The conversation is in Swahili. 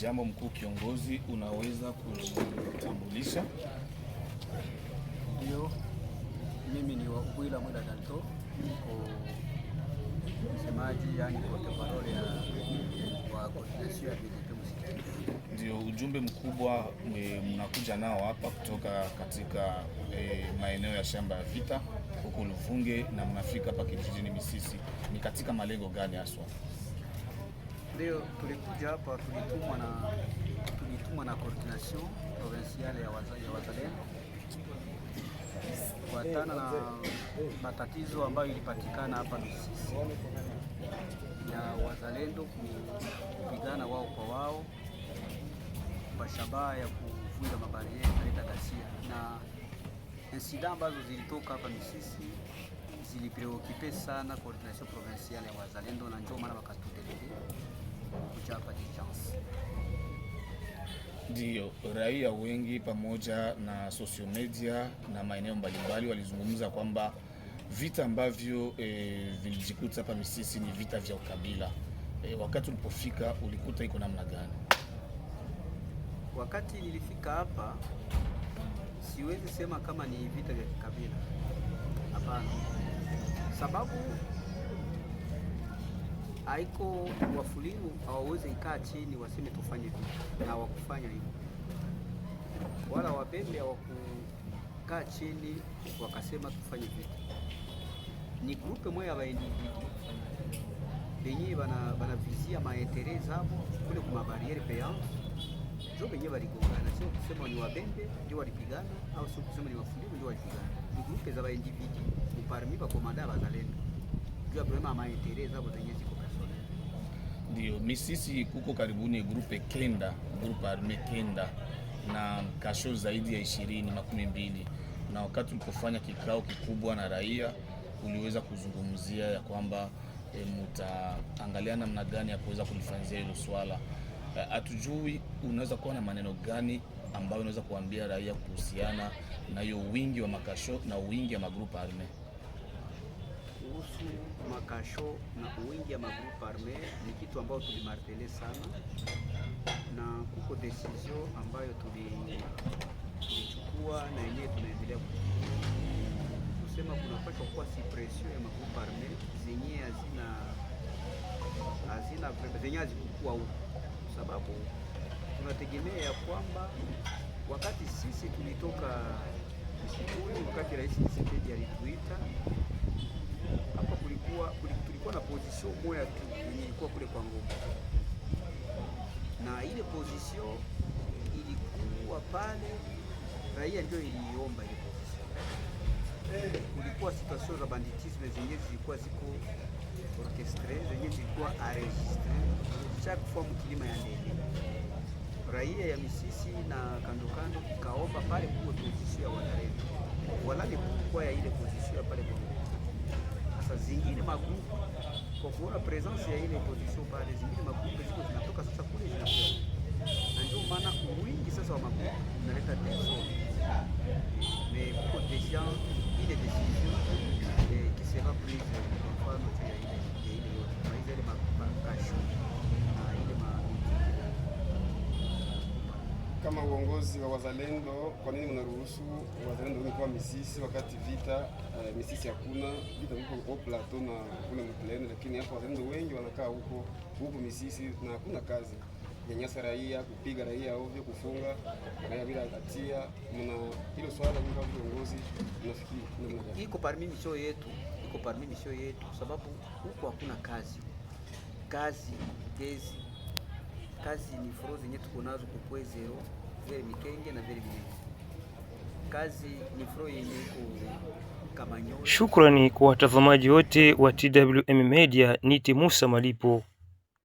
Jambo mkuu kiongozi, unaweza kutambulisha? Ndio, mimi ni Wagwila Mwenda Danto, niko msemaji yani koteparole ya wa koordinasio ya BDT Msitani. Ndio ujumbe mkubwa mnakuja nao hapa kutoka katika e, maeneo ya shamba ya vita huko Luvunge na mnafika hapa kijijini Misisi, ni katika malengo gani haswa? Leo tulikuja hapa, tulitumwa na tulitumwa na coordination provinciale ya wazalendo kuatana na matatizo ambayo ilipatikana hapa Misisi ya wazalendo kupigana wao kwa wao kwa shabaha ya kuvunja mabarieri kuleta ghasia, na insida ambazo zilitoka hapa Misisi zilipreokipe sana coordination provinciale ya wazalendo, na njoo maana wakatutelele kuchapa chance. Ndio raia wengi pamoja na social media na maeneo mbalimbali walizungumza kwamba vita ambavyo e, vilijikuta hapa Misisi ni vita vya ukabila. E, wakati ulipofika ulikuta iko namna gani? Wakati nilifika hapa siwezi sema kama ni vita vya kikabila, hapana, sababu haiko wafulimu hawawezi ikaa chini waseme tufanye vitu na wakufanya hivyo, wala wabembe hawakukaa chini wakasema tufanye vitu. Ni grupe moya baindividu benye banavizia maetere zabo kule kuma barriere payante jo benye baligongana, sio kusema ni wabembe ndio walipigana au sio kusema ni wafulimu ndio walipigana. Ni grupe za baindividu parmi bakomanda ya bazalendo juu ya problema ya maentere zabo zenye ndio, misisi kuko karibuni grupe kenda, grupe arme kenda na kasho zaidi ya ishirini makumi mbili na wakati ulipofanya kikao kikubwa na raia uliweza kuzungumzia ya kwamba e, eh, mtaangalia namna gani ya kuweza kulifanyia hilo swala. Eh, hatujui unaweza kuwa na maneno gani ambayo unaweza kuambia raia kuhusiana na hiyo wingi wa makasho na wingi wa magrupa arme? kasho na uwingi ya magrupu arme ni kitu ambayo tulimartele sana, na kuko desizio ambayo tulichukua na yenyewe tunaendelea kusema kunapashwa kuwa supression ya magrupu arme zenye hazina hazina zenye hazikukua huko, sababu tunategemea ya kwamba wakati sisi tulitoka msituni, wakati Rais Tshisekedi alituita kulikuwa, kulikuwa na position moja tu yenye ilikuwa kule kwa Ngoma, na ile position ilikuwa pale, raia ndio iliomba ile position. Kulikuwa situation za banditisme zenye zilikuwa ziko orchestre, zenye zilikuwa arrestre chaque fois mkilima ya ndege raia ya Misisi na kando kando ikaomba pale kuwe position ya wanarevi Walalemi kulikuwa ya ile position ya pale kwa ngoma sasa zingine magugu kwa kuona presence ya ile position pale, zingine magugu ziko zinatoka sasa kule zinakuwa, na ndio maana wingi sasa wa magugu unaleta tension mais kuko deja kama uongozi wa wazalendo, kwa nini mnaruhusu wazalendo kuwa misisi wakati vita uh, misisi hakuna vita viko plateau na kule mpleni, lakini hapo wazalendo wengi wanakaa huko huko misisi na hakuna kazi, nyanyasa raia, kupiga raia ovyo, kufunga raia bila hatia. Mna hilo swala kama viongozi nafikiri namna gani? Iko parmi misho yetu, iko parmi misho yetu, sababu huko hakuna kazi, kazi tezi kazi ni furo zenye tuko nazo kokwe zero vere mikenge na vere minene. Kazi ni furo yenye Shukrani kwa watazamaji wote wa TWM Media, niti Musa Malipo.